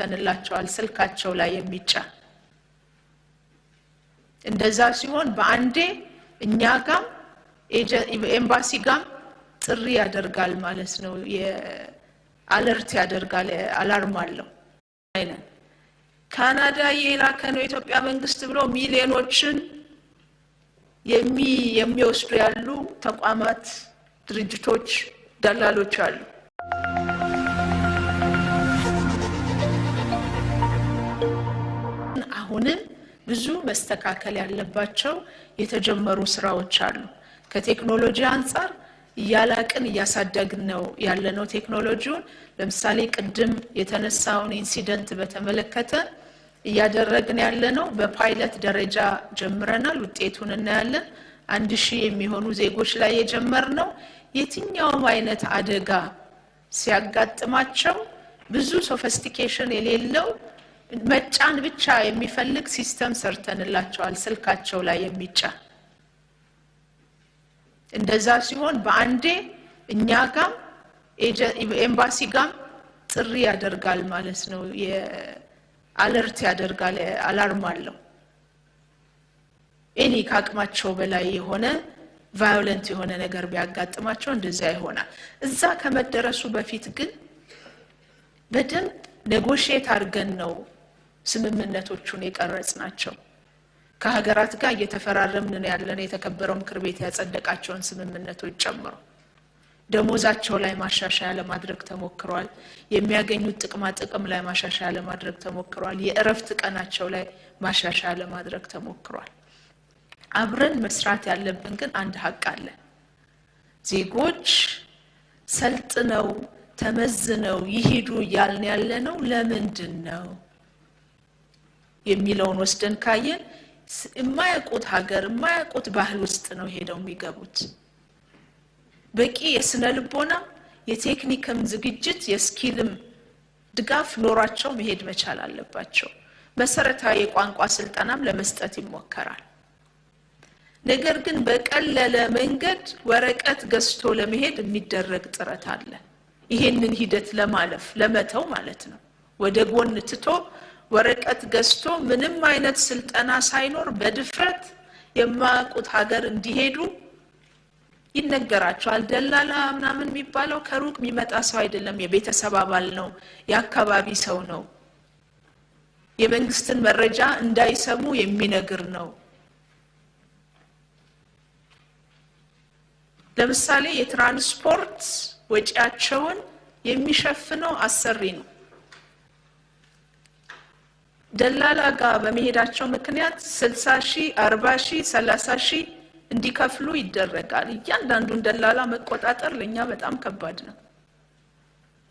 ይሸፈንላቸዋል ስልካቸው ላይ የሚጫን እንደዛ ሲሆን በአንዴ እኛ ጋም ኤምባሲ ጋም ጥሪ ያደርጋል ማለት ነው አለርት ያደርጋል አላርም አለው ካናዳ የላከ ነው የኢትዮጵያ መንግስት ብሎ ሚሊዮኖችን የሚወስዱ ያሉ ተቋማት ድርጅቶች ደላሎች አሉ አሁንም ብዙ መስተካከል ያለባቸው የተጀመሩ ስራዎች አሉ። ከቴክኖሎጂ አንጻር እያላቅን እያሳደግን ነው ያለነው ቴክኖሎጂውን። ለምሳሌ ቅድም የተነሳውን ኢንሲደንት በተመለከተ እያደረግን ያለነው በፓይለት ደረጃ ጀምረናል። ውጤቱን እናያለን። አንድ ሺህ የሚሆኑ ዜጎች ላይ የጀመርነው የትኛውም አይነት አደጋ ሲያጋጥማቸው ብዙ ሶፈስቲኬሽን የሌለው መጫን ብቻ የሚፈልግ ሲስተም ሰርተንላቸዋል። ስልካቸው ላይ የሚጫን እንደዛ ሲሆን በአንዴ እኛ ጋም ኤምባሲ ጋም ጥሪ ያደርጋል ማለት ነው። የአለርት ያደርጋል፣ አላርም አለው። ኤኒ ከአቅማቸው በላይ የሆነ ቫዮለንት የሆነ ነገር ቢያጋጥማቸው እንደዚያ ይሆናል። እዛ ከመደረሱ በፊት ግን በደንብ ኔጎሽት አድርገን ነው ስምምነቶቹን የቀረጽ ናቸው። ከሀገራት ጋር እየተፈራረምን ነው ያለን የተከበረው ምክር ቤት ያጸደቃቸውን ስምምነቶች ጨምሮ ደሞዛቸው ላይ ማሻሻያ ለማድረግ ተሞክሯል። የሚያገኙት ጥቅማ ጥቅም ላይ ማሻሻያ ለማድረግ ተሞክሯል። የእረፍት ቀናቸው ላይ ማሻሻያ ለማድረግ ተሞክሯል። አብረን መስራት ያለብን ግን አንድ ሀቅ አለ። ዜጎች ሰልጥነው ተመዝነው ይሄዱ እያልን ያለ ነው። ለምንድን ነው? የሚለውን ወስደን ካየን የማያውቁት ሀገር የማያውቁት ባህል ውስጥ ነው ሄደው የሚገቡት። በቂ የስነ ልቦና የቴክኒክም ዝግጅት የስኪልም ድጋፍ ኖሯቸው መሄድ መቻል አለባቸው። መሰረታዊ የቋንቋ ስልጠናም ለመስጠት ይሞከራል። ነገር ግን በቀለለ መንገድ ወረቀት ገዝቶ ለመሄድ የሚደረግ ጥረት አለ። ይሄንን ሂደት ለማለፍ ለመተው ማለት ነው ወደ ጎን ትቶ ወረቀት ገዝቶ ምንም አይነት ስልጠና ሳይኖር በድፍረት የማያውቁት ሀገር እንዲሄዱ ይነገራቸዋል። ደላላ ምናምን የሚባለው ከሩቅ የሚመጣ ሰው አይደለም፣ የቤተሰብ አባል ነው፣ የአካባቢ ሰው ነው። የመንግስትን መረጃ እንዳይሰሙ የሚነግር ነው። ለምሳሌ የትራንስፖርት ወጪያቸውን የሚሸፍነው አሰሪ ነው። ደላላ ጋር በመሄዳቸው ምክንያት ስልሳ ሺ አርባ ሺ ሰላሳ ሺህ እንዲከፍሉ ይደረጋል። እያንዳንዱን ደላላ መቆጣጠር ለእኛ በጣም ከባድ ነው።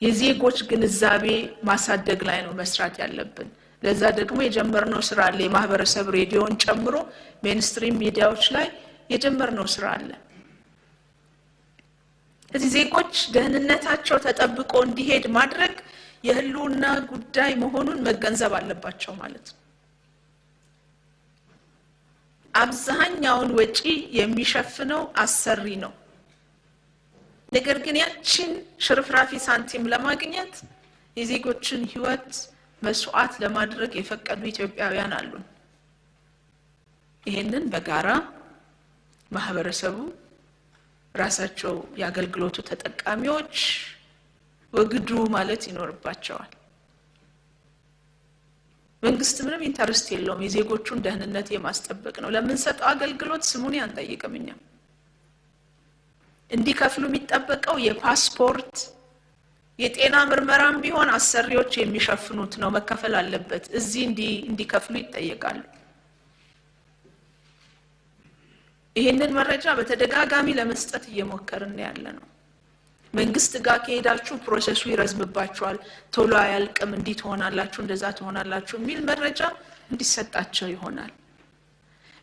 የዜጎች ግንዛቤ ማሳደግ ላይ ነው መስራት ያለብን። ለዛ ደግሞ የጀመርነው ስራ አለ። የማህበረሰብ ሬዲዮን ጨምሮ ሜንስትሪም ሚዲያዎች ላይ የጀመርነው ስራ አለ። እዚህ ዜጎች ደህንነታቸው ተጠብቆ እንዲሄድ ማድረግ የህልውና ጉዳይ መሆኑን መገንዘብ አለባቸው ማለት ነው። አብዛኛውን ወጪ የሚሸፍነው አሰሪ ነው። ነገር ግን ያችን ሽርፍራፊ ሳንቲም ለማግኘት የዜጎችን ህይወት መስዋዕት ለማድረግ የፈቀዱ ኢትዮጵያውያን አሉን። ይህንን በጋራ ማህበረሰቡ ራሳቸው የአገልግሎቱ ተጠቃሚዎች ወግዱ ማለት ይኖርባቸዋል። መንግስት ምንም ኢንተርስት የለውም የዜጎቹን ደህንነት የማስጠበቅ ነው። ለምንሰጠው አገልግሎት ስሙን አንጠይቅም። እኛም እንዲከፍሉ የሚጠበቀው የፓስፖርት የጤና ምርመራም ቢሆን አሰሪዎች የሚሸፍኑት ነው፣ መከፈል አለበት። እዚህ እንዲከፍሉ ይጠየቃሉ። ይህንን መረጃ በተደጋጋሚ ለመስጠት እየሞከርን ያለ ነው። መንግስት ጋር ከሄዳችሁ ፕሮሰሱ ይረዝምባችኋል፣ ቶሎ አያልቅም፣ እንዲህ ትሆናላችሁ፣ እንደዛ ትሆናላችሁ የሚል መረጃ እንዲሰጣቸው ይሆናል።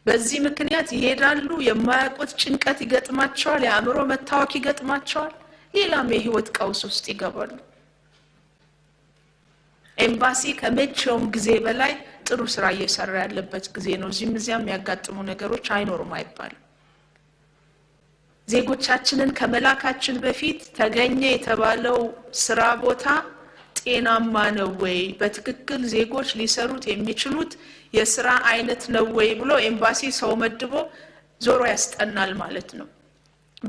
በዚህ ምክንያት ይሄዳሉ። የማያውቁት ጭንቀት ይገጥማቸዋል፣ የአእምሮ መታወክ ይገጥማቸዋል፣ ሌላም የህይወት ቀውስ ውስጥ ይገባሉ። ኤምባሲ ከመቼውም ጊዜ በላይ ጥሩ ስራ እየሰራ ያለበት ጊዜ ነው። እዚህም እዚያም የሚያጋጥሙ ነገሮች አይኖሩም አይባልም። ዜጎቻችንን ከመላካችን በፊት ተገኘ የተባለው ስራ ቦታ ጤናማ ነው ወይ፣ በትክክል ዜጎች ሊሰሩት የሚችሉት የስራ አይነት ነው ወይ ብሎ ኤምባሲ ሰው መድቦ ዞሮ ያስጠናል ማለት ነው።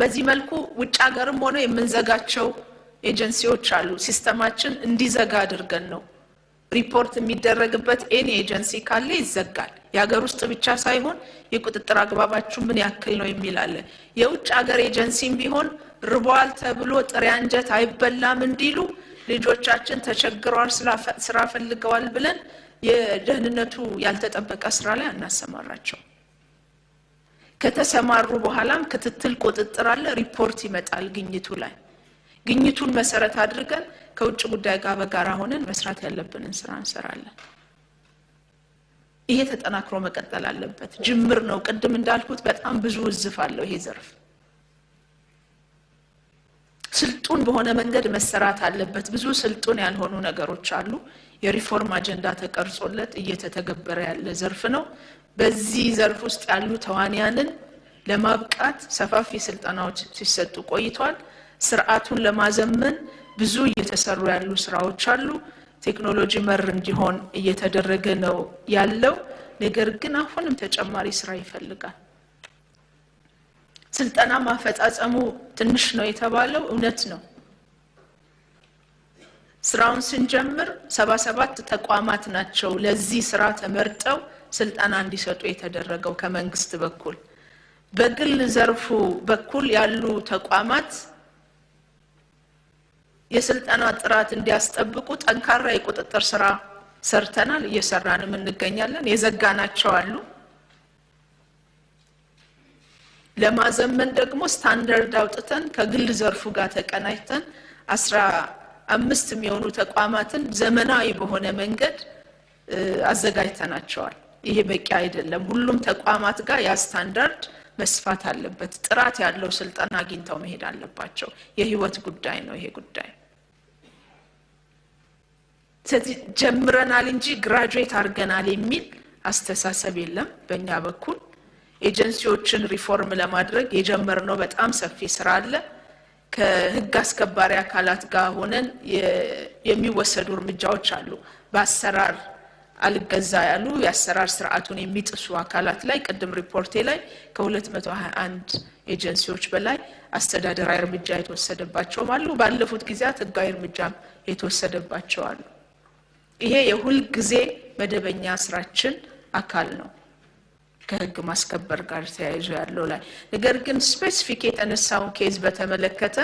በዚህ መልኩ ውጭ ሀገርም ሆነ የምንዘጋቸው ኤጀንሲዎች አሉ። ሲስተማችን እንዲዘጋ አድርገን ነው ሪፖርት የሚደረግበት ኤኒ ኤጀንሲ ካለ ይዘጋል። የሀገር ውስጥ ብቻ ሳይሆን የቁጥጥር አግባባችሁ ምን ያክል ነው የሚላለ የውጭ ሀገር ኤጀንሲም ቢሆን ርቧል ተብሎ ጥሬ አንጀት አይበላም እንዲሉ ልጆቻችን ተቸግረዋል፣ ስራ ፈልገዋል ብለን የደህንነቱ ያልተጠበቀ ስራ ላይ አናሰማራቸው። ከተሰማሩ በኋላም ክትትል ቁጥጥር አለ፣ ሪፖርት ይመጣል ግኝቱ ላይ። ግኝቱን መሰረት አድርገን ከውጭ ጉዳይ ጋር በጋራ ሆነን መስራት ያለብንን ስራ እንሰራለን። ይሄ ተጠናክሮ መቀጠል አለበት። ጅምር ነው። ቅድም እንዳልኩት በጣም ብዙ ውዝፍ አለው ይሄ ዘርፍ። ስልጡን በሆነ መንገድ መሰራት አለበት። ብዙ ስልጡን ያልሆኑ ነገሮች አሉ። የሪፎርም አጀንዳ ተቀርጾለት እየተተገበረ ያለ ዘርፍ ነው። በዚህ ዘርፍ ውስጥ ያሉ ተዋንያንን ለማብቃት ሰፋፊ ስልጠናዎች ሲሰጡ ቆይቷል። ስርዓቱን ለማዘመን ብዙ እየተሰሩ ያሉ ስራዎች አሉ። ቴክኖሎጂ መር እንዲሆን እየተደረገ ነው ያለው። ነገር ግን አሁንም ተጨማሪ ስራ ይፈልጋል። ስልጠና ማፈጻጸሙ ትንሽ ነው የተባለው እውነት ነው። ስራውን ስንጀምር ሰባ ሰባት ተቋማት ናቸው ለዚህ ስራ ተመርጠው ስልጠና እንዲሰጡ የተደረገው ከመንግስት በኩል። በግል ዘርፉ በኩል ያሉ ተቋማት የስልጠና ጥራት እንዲያስጠብቁ ጠንካራ የቁጥጥር ስራ ሰርተናል፣ እየሰራንም እንገኛለን። የዘጋናቸው አሉ። ለማዘመን ደግሞ ስታንዳርድ አውጥተን ከግል ዘርፉ ጋር ተቀናጅተን አስራ አምስት የሚሆኑ ተቋማትን ዘመናዊ በሆነ መንገድ አዘጋጅተናቸዋል። ይሄ በቂ አይደለም። ሁሉም ተቋማት ጋር ያ ስታንዳርድ መስፋት አለበት። ጥራት ያለው ስልጠና አግኝተው መሄድ አለባቸው። የህይወት ጉዳይ ነው ይሄ ጉዳይ። ስለዚህ ጀምረናል እንጂ ግራጁዌት አድርገናል የሚል አስተሳሰብ የለም በእኛ በኩል። ኤጀንሲዎችን ሪፎርም ለማድረግ የጀመርነው በጣም ሰፊ ስራ አለ። ከህግ አስከባሪ አካላት ጋር ሆነን የሚወሰዱ እርምጃዎች አሉ በአሰራር አልገዛ ያሉ የአሰራር ስርዓቱን የሚጥሱ አካላት ላይ ቅድም ሪፖርቴ ላይ ከ221 ኤጀንሲዎች በላይ አስተዳደራዊ እርምጃ የተወሰደባቸውም አሉ። ባለፉት ጊዜያት ህጋዊ እርምጃም የተወሰደባቸው አሉ። ይሄ የሁል ጊዜ መደበኛ ስራችን አካል ነው። ከህግ ማስከበር ጋር ተያይዞ ያለው ላይ ነገር ግን ስፔሲፊክ የተነሳውን ኬዝ በተመለከተ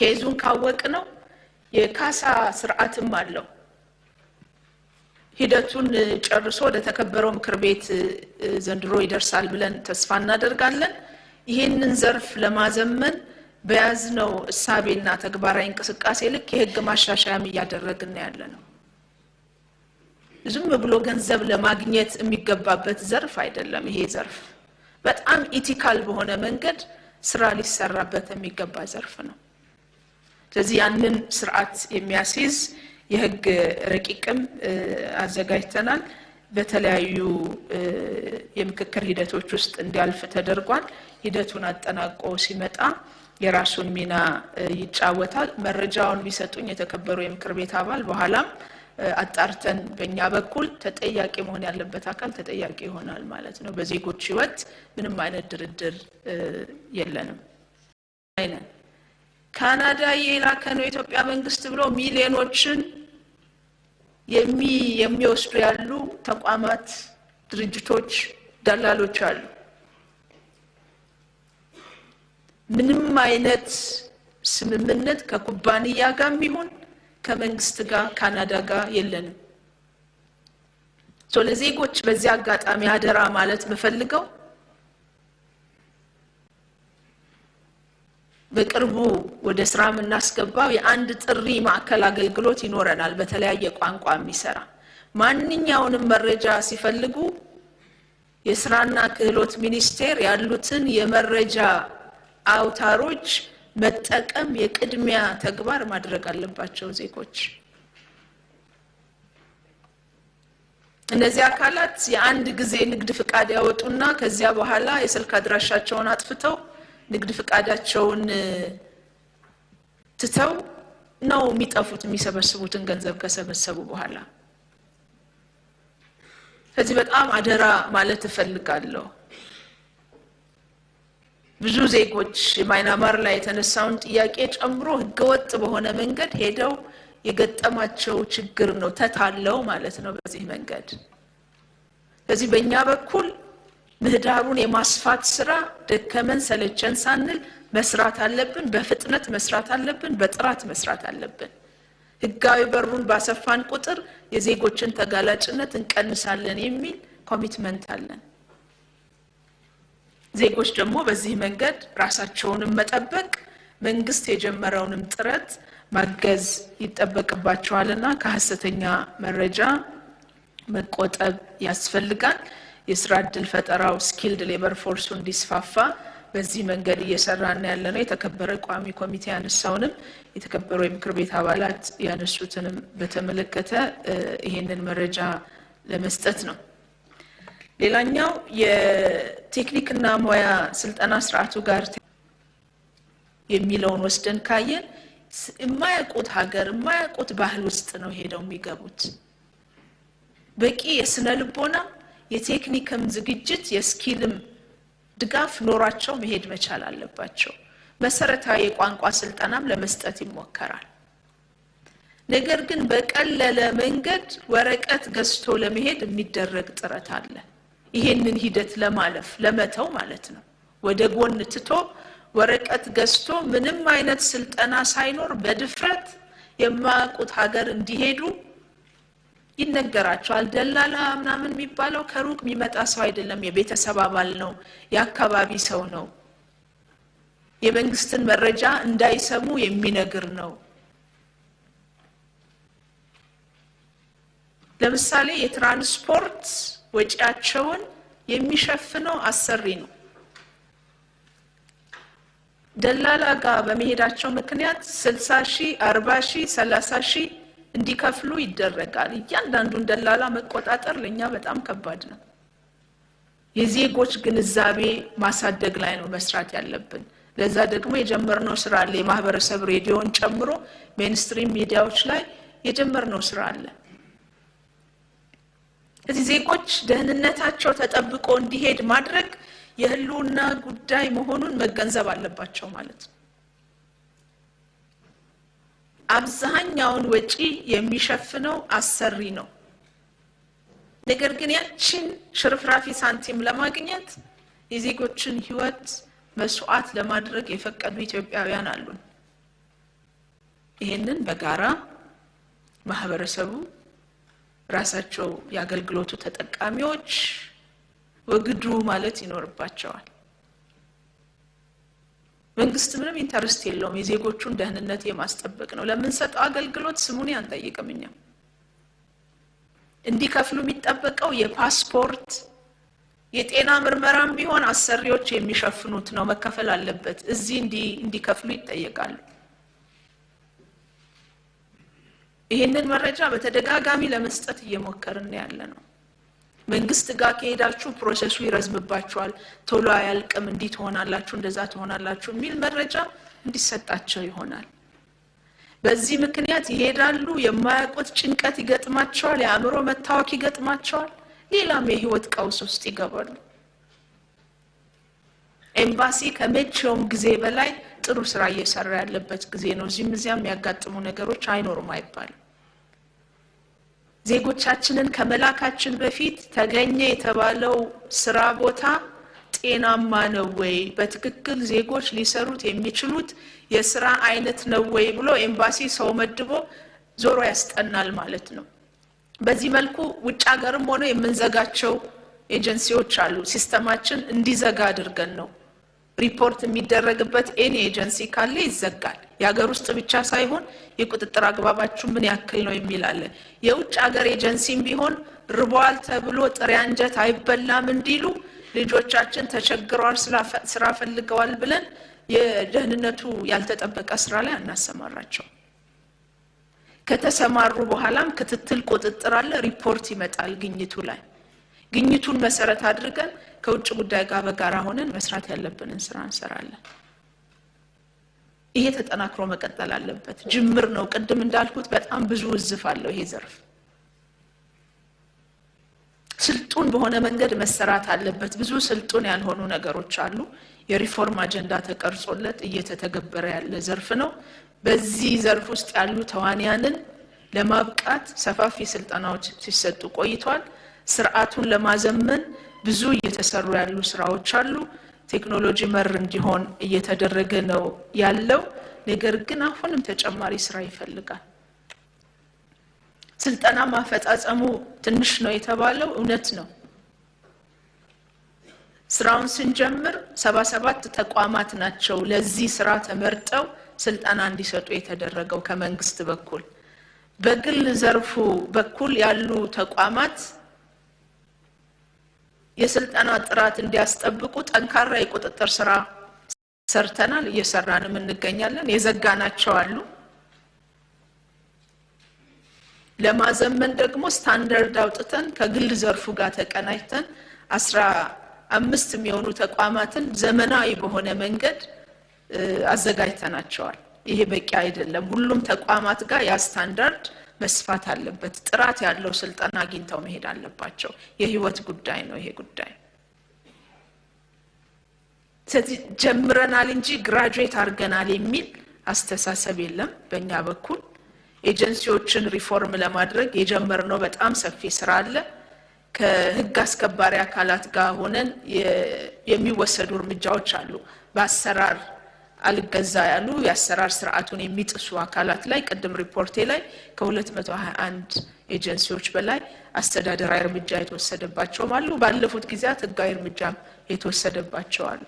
ኬዙን ካወቅ ነው የካሳ ስርዓትም አለው ሂደቱን ጨርሶ ወደ ተከበረው ምክር ቤት ዘንድሮ ይደርሳል ብለን ተስፋ እናደርጋለን። ይህንን ዘርፍ ለማዘመን በያዝነው እሳቤና ተግባራዊ እንቅስቃሴ ልክ የህግ ማሻሻያም እያደረግን ያለ ነው። ዝም ብሎ ገንዘብ ለማግኘት የሚገባበት ዘርፍ አይደለም። ይሄ ዘርፍ በጣም ኢቲካል በሆነ መንገድ ስራ ሊሰራበት የሚገባ ዘርፍ ነው። ስለዚህ ያንን ስርዓት የሚያስይዝ የህግ ረቂቅም አዘጋጅተናል። በተለያዩ የምክክር ሂደቶች ውስጥ እንዲያልፍ ተደርጓል። ሂደቱን አጠናቆ ሲመጣ የራሱን ሚና ይጫወታል። መረጃውን ቢሰጡኝ የተከበሩ የምክር ቤት አባል በኋላም አጣርተን በእኛ በኩል ተጠያቂ መሆን ያለበት አካል ተጠያቂ ይሆናል ማለት ነው። በዜጎች ህይወት ምንም አይነት ድርድር የለንም። ካናዳ የላከ ነው የኢትዮጵያ መንግስት ብሎ ሚሊዮኖችን የሚወስዱ ያሉ ተቋማት፣ ድርጅቶች፣ ደላሎች አሉ። ምንም አይነት ስምምነት ከኩባንያ ጋር የሚሆን ከመንግስት ጋር ካናዳ ጋር የለንም። ለዜጎች በዚህ አጋጣሚ አደራ ማለት የምፈልገው በቅርቡ ወደ ስራ የምናስገባው የአንድ ጥሪ ማዕከል አገልግሎት ይኖረናል። በተለያየ ቋንቋ የሚሰራ ማንኛውንም መረጃ ሲፈልጉ የስራና ክህሎት ሚኒስቴር ያሉትን የመረጃ አውታሮች መጠቀም የቅድሚያ ተግባር ማድረግ አለባቸው ዜጎች። እነዚህ አካላት የአንድ ጊዜ ንግድ ፍቃድ ያወጡና ከዚያ በኋላ የስልክ አድራሻቸውን አጥፍተው ንግድ ፍቃዳቸውን ትተው ነው የሚጠፉት የሚሰበስቡትን ገንዘብ ከሰበሰቡ በኋላ። ከዚህ በጣም አደራ ማለት እፈልጋለሁ። ብዙ ዜጎች ማይናማር ላይ የተነሳውን ጥያቄ ጨምሮ ህገወጥ በሆነ መንገድ ሄደው የገጠማቸው ችግር ነው። ተታለው ማለት ነው በዚህ መንገድ። ከዚህ በእኛ በኩል ምህዳሩን የማስፋት ስራ ደከመን ሰለቸን ሳንል መስራት አለብን። በፍጥነት መስራት አለብን። በጥራት መስራት አለብን። ህጋዊ በሩን ባሰፋን ቁጥር የዜጎችን ተጋላጭነት እንቀንሳለን የሚል ኮሚትመንት አለን። ዜጎች ደግሞ በዚህ መንገድ ራሳቸውንም መጠበቅ መንግስት የጀመረውንም ጥረት ማገዝ ይጠበቅባቸዋልና ከሀሰተኛ መረጃ መቆጠብ ያስፈልጋል። የስራ እድል ፈጠራው ስኪልድ ሌበር ፎርሱ እንዲስፋፋ በዚህ መንገድ እየሰራን ያለ ነው። የተከበረ ቋሚ ኮሚቴ ያነሳውንም የተከበሩ የምክር ቤት አባላት ያነሱትንም በተመለከተ ይህንን መረጃ ለመስጠት ነው። ሌላኛው የቴክኒክና ሙያ ስልጠና ስርዓቱ ጋር የሚለውን ወስደን ካየን የማያውቁት ሀገር የማያውቁት ባህል ውስጥ ነው ሄደው የሚገቡት። በቂ የስነ ልቦና የቴክኒክም ዝግጅት የስኪልም ድጋፍ ኖሯቸው መሄድ መቻል አለባቸው። መሰረታዊ የቋንቋ ስልጠናም ለመስጠት ይሞከራል። ነገር ግን በቀለለ መንገድ ወረቀት ገዝቶ ለመሄድ የሚደረግ ጥረት አለ። ይሄንን ሂደት ለማለፍ ለመተው ማለት ነው። ወደ ጎን ትቶ ወረቀት ገዝቶ ምንም አይነት ስልጠና ሳይኖር በድፍረት የማያውቁት ሀገር እንዲሄዱ ይነገራቸዋል። ደላላ ምናምን የሚባለው ከሩቅ የሚመጣ ሰው አይደለም፣ የቤተሰብ አባል ነው፣ የአካባቢ ሰው ነው። የመንግስትን መረጃ እንዳይሰሙ የሚነግር ነው። ለምሳሌ የትራንስፖርት ወጪያቸውን የሚሸፍነው አሰሪ ነው። ደላላ ጋር በመሄዳቸው ምክንያት ስልሳ ሺህ አርባ ሺህ ሰላሳ ሺህ እንዲከፍሉ ይደረጋል። እያንዳንዱን ደላላ መቆጣጠር ለእኛ በጣም ከባድ ነው። የዜጎች ግንዛቤ ማሳደግ ላይ ነው መስራት ያለብን። ለዛ ደግሞ የጀመርነው ስራ አለ። የማህበረሰብ ሬዲዮን ጨምሮ ሜንስትሪም ሚዲያዎች ላይ የጀመርነው ስራ አለ። እዚህ ዜጎች ደህንነታቸው ተጠብቆ እንዲሄድ ማድረግ የህልውና ጉዳይ መሆኑን መገንዘብ አለባቸው ማለት ነው። አብዛኛውን ወጪ የሚሸፍነው አሰሪ ነው። ነገር ግን ያችን ሽርፍራፊ ሳንቲም ለማግኘት የዜጎችን ሕይወት መስዋዕት ለማድረግ የፈቀዱ ኢትዮጵያውያን አሉን። ይህንን በጋራ ማህበረሰቡ፣ ራሳቸው የአገልግሎቱ ተጠቃሚዎች ወግዱ ማለት ይኖርባቸዋል። መንግስት ምንም ኢንተረስት የለውም የዜጎቹን ደህንነት የማስጠበቅ ነው። ለምንሰጠው አገልግሎት ስሙን አንጠይቅም። እኛ እንዲከፍሉ የሚጠበቀው የፓስፖርት የጤና ምርመራም ቢሆን አሰሪዎች የሚሸፍኑት ነው፣ መከፈል አለበት። እዚህ እንዲከፍሉ ይጠየቃሉ። ይህንን መረጃ በተደጋጋሚ ለመስጠት እየሞከርን ያለ ነው። መንግስት ጋር ከሄዳችሁ ፕሮሰሱ ይረዝምባችኋል፣ ቶሎ አያልቅም፣ እንዲህ ትሆናላችሁ፣ እንደዛ ትሆናላችሁ የሚል መረጃ እንዲሰጣቸው ይሆናል። በዚህ ምክንያት ይሄዳሉ። የማያውቁት ጭንቀት ይገጥማቸዋል፣ የአእምሮ መታወክ ይገጥማቸዋል፣ ሌላም የህይወት ቀውስ ውስጥ ይገባሉ። ኤምባሲ ከመቼውም ጊዜ በላይ ጥሩ ስራ እየሰራ ያለበት ጊዜ ነው። እዚህም እዚያም የሚያጋጥሙ ነገሮች አይኖሩም አይባልም። ዜጎቻችንን ከመላካችን በፊት ተገኘ የተባለው ስራ ቦታ ጤናማ ነው ወይ፣ በትክክል ዜጎች ሊሰሩት የሚችሉት የስራ አይነት ነው ወይ ብሎ ኤምባሲ ሰው መድቦ ዞሮ ያስጠናል ማለት ነው። በዚህ መልኩ ውጭ ሀገርም ሆነ የምንዘጋቸው ኤጀንሲዎች አሉ። ሲስተማችን እንዲዘጋ አድርገን ነው ሪፖርት የሚደረግበት ኤኒ ኤጀንሲ ካለ ይዘጋል። የሀገር ውስጥ ብቻ ሳይሆን የቁጥጥር አግባባችሁ ምን ያክል ነው የሚል የውጭ ሀገር ኤጀንሲም ቢሆን ርቧል ተብሎ ጥሬ አንጀት አይበላም እንዲሉ ልጆቻችን ተቸግረዋል፣ ስራ ፈልገዋል ብለን የደህንነቱ ያልተጠበቀ ስራ ላይ አናሰማራቸው። ከተሰማሩ በኋላም ክትትል ቁጥጥር አለ። ሪፖርት ይመጣል ግኝቱ ላይ ግኝቱን መሰረት አድርገን ከውጭ ጉዳይ ጋር በጋራ ሆነን መስራት ያለብንን ስራ እንሰራለን። ይሄ ተጠናክሮ መቀጠል አለበት። ጅምር ነው። ቅድም እንዳልኩት በጣም ብዙ ውዝፍ አለው ይሄ ዘርፍ። ስልጡን በሆነ መንገድ መሰራት አለበት። ብዙ ስልጡን ያልሆኑ ነገሮች አሉ። የሪፎርም አጀንዳ ተቀርጾለት እየተተገበረ ያለ ዘርፍ ነው። በዚህ ዘርፍ ውስጥ ያሉ ተዋንያንን ለማብቃት ሰፋፊ ስልጠናዎች ሲሰጡ ቆይቷል። ስርዓቱን ለማዘመን ብዙ እየተሰሩ ያሉ ስራዎች አሉ። ቴክኖሎጂ መር እንዲሆን እየተደረገ ነው ያለው። ነገር ግን አሁንም ተጨማሪ ስራ ይፈልጋል። ስልጠና ማፈጻጸሙ ትንሽ ነው የተባለው እውነት ነው። ስራውን ስንጀምር ሰባ ሰባት ተቋማት ናቸው ለዚህ ስራ ተመርጠው ስልጠና እንዲሰጡ የተደረገው ከመንግስት በኩል። በግል ዘርፉ በኩል ያሉ ተቋማት የስልጠና ጥራት እንዲያስጠብቁ ጠንካራ የቁጥጥር ስራ ሰርተናል፣ እየሰራንም እንገኛለን። የዘጋናቸው አሉ። ለማዘመን ደግሞ ስታንዳርድ አውጥተን ከግል ዘርፉ ጋር ተቀናጅተን አስራ አምስት የሚሆኑ ተቋማትን ዘመናዊ በሆነ መንገድ አዘጋጅተናቸዋል። ይሄ በቂ አይደለም። ሁሉም ተቋማት ጋር ያ ስታንዳርድ መስፋት አለበት። ጥራት ያለው ስልጠና አግኝተው መሄድ አለባቸው። የህይወት ጉዳይ ነው ይሄ ጉዳይ። ስለዚህ ጀምረናል እንጂ ግራጁዌት አድርገናል የሚል አስተሳሰብ የለም በእኛ በኩል። ኤጀንሲዎችን ሪፎርም ለማድረግ የጀመርነው በጣም ሰፊ ስራ አለ። ከህግ አስከባሪ አካላት ጋር ሆነን የሚወሰዱ እርምጃዎች አሉ በአሰራር አልገዛ ያሉ የአሰራር ስርዓቱን የሚጥሱ አካላት ላይ ቅድም ሪፖርቴ ላይ ከ221 ኤጀንሲዎች በላይ አስተዳደራዊ እርምጃ የተወሰደባቸውም አሉ። ባለፉት ጊዜያት ህጋዊ እርምጃም የተወሰደባቸው አሉ።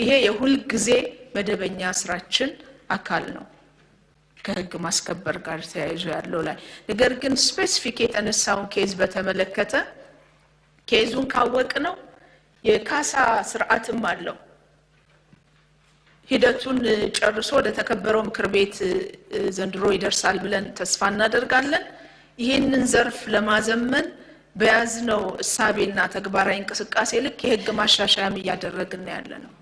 ይሄ የሁል ጊዜ መደበኛ ስራችን አካል ነው፣ ከህግ ማስከበር ጋር ተያይዞ ያለው ላይ ነገር ግን ስፔሲፊክ የተነሳውን ኬዝ በተመለከተ ኬዙን ካወቅ ነው የካሳ ስርዓትም አለው ሂደቱን ጨርሶ ወደ ተከበረው ምክር ቤት ዘንድሮ ይደርሳል ብለን ተስፋ እናደርጋለን። ይህንን ዘርፍ ለማዘመን በያዝነው እሳቤና ተግባራዊ እንቅስቃሴ ልክ የህግ ማሻሻያም እያደረግን ያለ ነው።